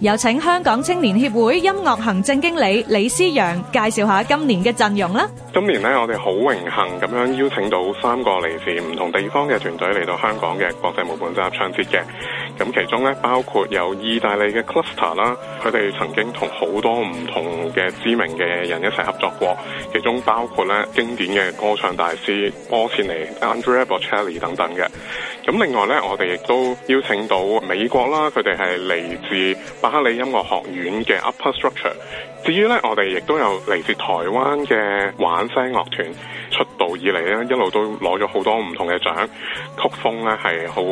有請香港青年協會音樂行政經理李思陽介紹下今年嘅陣容啦。今年呢，我哋好榮幸咁樣邀請到三個嚟自唔同地方嘅團隊嚟到香港嘅國際無伴奏合唱節嘅。咁其中咧包括有意大利嘅 Cluster 啦，佢哋曾經同好多唔同嘅知名嘅人一齊合作過，其中包括咧經典嘅歌唱大師波切尼、Andrea 和 Bocelli 等等嘅。咁另外咧，我哋亦都邀請到美國啦，佢哋係嚟自。巴克里音樂學院嘅 Upper Structure，至於咧，我哋亦都有嚟自台灣嘅玩聲樂團，出道以嚟咧，一路都攞咗好多唔同嘅獎，曲風咧係好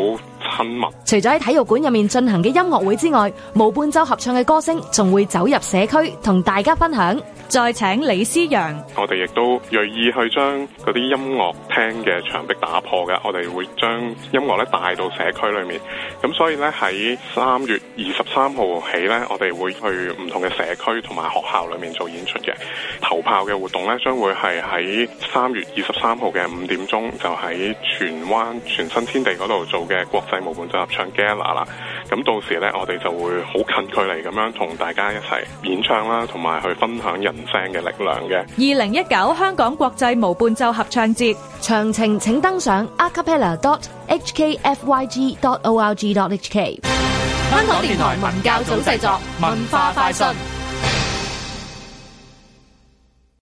親密。除咗喺體育館入面進行嘅音樂會之外，無伴奏合唱嘅歌聲仲會走入社區，同大家分享。再請李思陽，我哋亦都銳意去將啲音樂廳嘅牆壁打破嘅，我哋會將音樂咧帶到社區裏面。咁所以咧喺三月二十三號起咧，我哋會去唔同嘅社區同埋學校裏面做演出嘅頭炮嘅活動咧，將會係喺三月二十三號嘅五點鐘就喺荃灣荃新天地度做嘅國際。2019, 無伴奏合唱 Gala 啦，咁到時咧，我哋就會好近距離咁樣同大家一齊演唱啦，同埋去分享人聲嘅力量嘅。二零一九香港國際無伴奏合唱節詳情，請登上 acappella.hkfyg.org.hk。香港電台文教組製作，文化快訊。